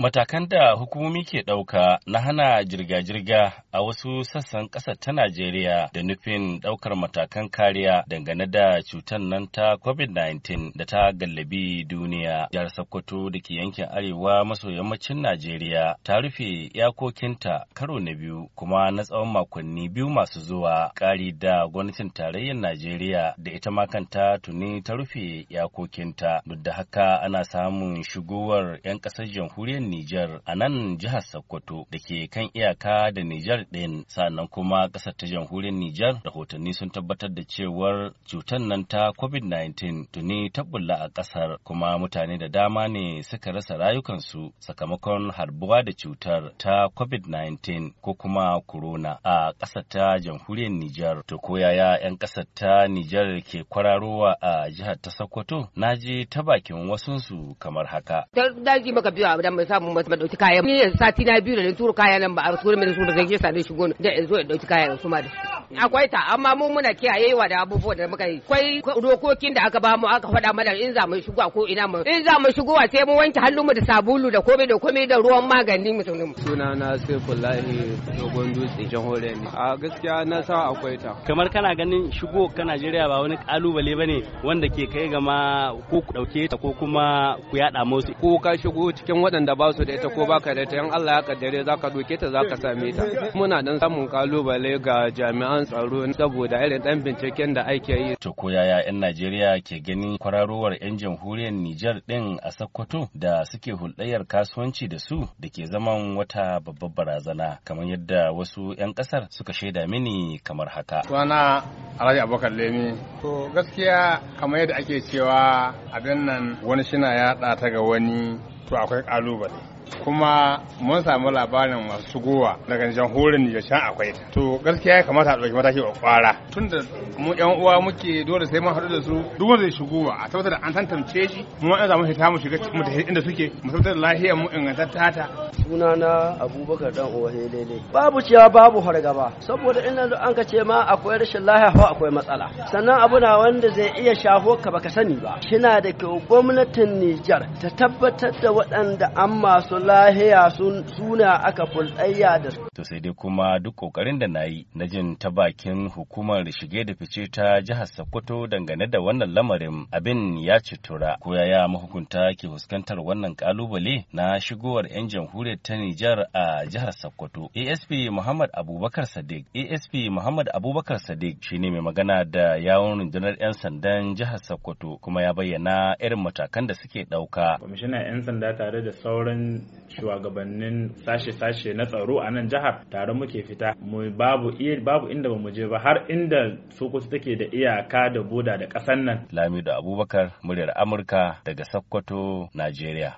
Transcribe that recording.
Matakan da hukumomi ke ɗauka na hana jirga-jirga a wasu sassan ƙasar ta Najeriya da nufin ɗaukar matakan kariya dangane da cutar nan ta COVID-19 da ta gallabi duniya. Jihar Sokoto da ke yankin arewa maso yammacin Najeriya ta rufe iyakokinta karo na biyu kuma na tsawon makonni biyu masu zuwa ƙari da gwamnatin tarayyar Najeriya da ita ma kanta tuni ta rufe iyakokinta. Duk da haka ana samun shigowar 'yan ƙasar jamhuriyar Nijar a nan jihar Sokoto da ke kan iyaka da Nijar ɗin sannan kuma ƙasar ta jamhuriyar Nijar rahotanni sun tabbatar da cewar cutar nan ta COVID-19 tuni ta bulla a ƙasar kuma mutane da dama ne suka rasa rayukansu sakamakon harbuwa da cutar ta COVID-19 ko kuma corona a ƙasar ta jamhuriyar Nijar. To koyaya 'yan ƙasar ta Nijar ke kwararowa a jihar ta Sokoto? Na ji ta bakin wasunsu kamar haka. Daji maka biya da samu ba dauki kaya. Ni sati na biyu da na tura kaya nan ba a wasu da mai da su ba zai sa sane shigo da in zo in dauki kaya in ma da su. Mm. akwai ta amma mu muna wa da abubuwan da muka yi kwai dokokin da aka ba mu aka faɗa mana in za mu shigo ko ina mu in za mu shigo sai mu wanke hannunmu da sabulu da komai da komai da ruwan magani mu tunin suna na Saifullahi Dogon Dutse jamhuriyar ne a gaskiya na sa akwai ta kamar kana ganin shigo ka Najeriya ba wani kalubale bane wanda ke kai ga ma ko ku dauke ta ko kuma ku yada musu ko ka shigo cikin waɗanda ba su da ita ko baka da ita in Allah ya kaddare zaka doke ta zaka same ta muna dan samun kalubale ga jami'an an tsaro saboda irin dan binciken da ake yi. To ko yaya 'yan Najeriya ke ganin kwararowar 'yan jamhuriyar Nijar ɗin a Sokoto da suke hulɗayar kasuwanci da su da ke zaman wata babbar barazana kamar yadda wasu 'yan ƙasar suka shaida mini kamar haka. Suna Alhaji Abubakar Lemi. To gaskiya kamar yadda ake cewa abin nan wani shina ya ta ga wani to akwai ƙalubale. kuma mun samu labarin masu gowa daga jamhurin Nijar can akwai ta. To gaskiya ya kamata a ɗauki mataki a kwara. Tun da mu ƴan uwa muke dole sai mun haɗu da su duk wanda zai shigowa a tabbatar da an tantance shi mu an zamu fita mu shiga mu tafi inda suke mu tabbatar da lafiyar mu ingantatta ta. na Abubakar dan uwa lele. Babu cewa babu hargaba saboda ina da an ka ce ma akwai rashin lafiya ko akwai matsala. Sannan abu na wanda zai iya shafo ka baka sani ba. na da kyau gwamnatin Nijar ta tabbatar da waɗanda an masu masu lahiya suna aka fulɗayya da su. To sai dai kuma duk ƙoƙarin da na yi na jin ta bakin hukumar shige da fice ta jihar Sokoto dangane da wannan lamarin abin ya ci tura ko yaya mahukunta ke fuskantar wannan kalubale na shigowar 'yan jamhuriyar ta Nijar a jihar Sokoto. ASP Muhammad Abubakar Sadiq ASP Muhammad Abubakar Sadiq shine mai magana da yawon rundunar 'yan sandan jihar Sokoto kuma ya bayyana irin matakan da suke ɗauka. Kwamishinan 'yan sanda tare da sauran shugabannin sashe-sashe na tsaro a nan jihar tare muke fita mu babu babu inda ba mu je ba har inda sokoto take da iyaka da boda da ƙasar nan lamido abubakar muryar amurka daga sokoto najeriya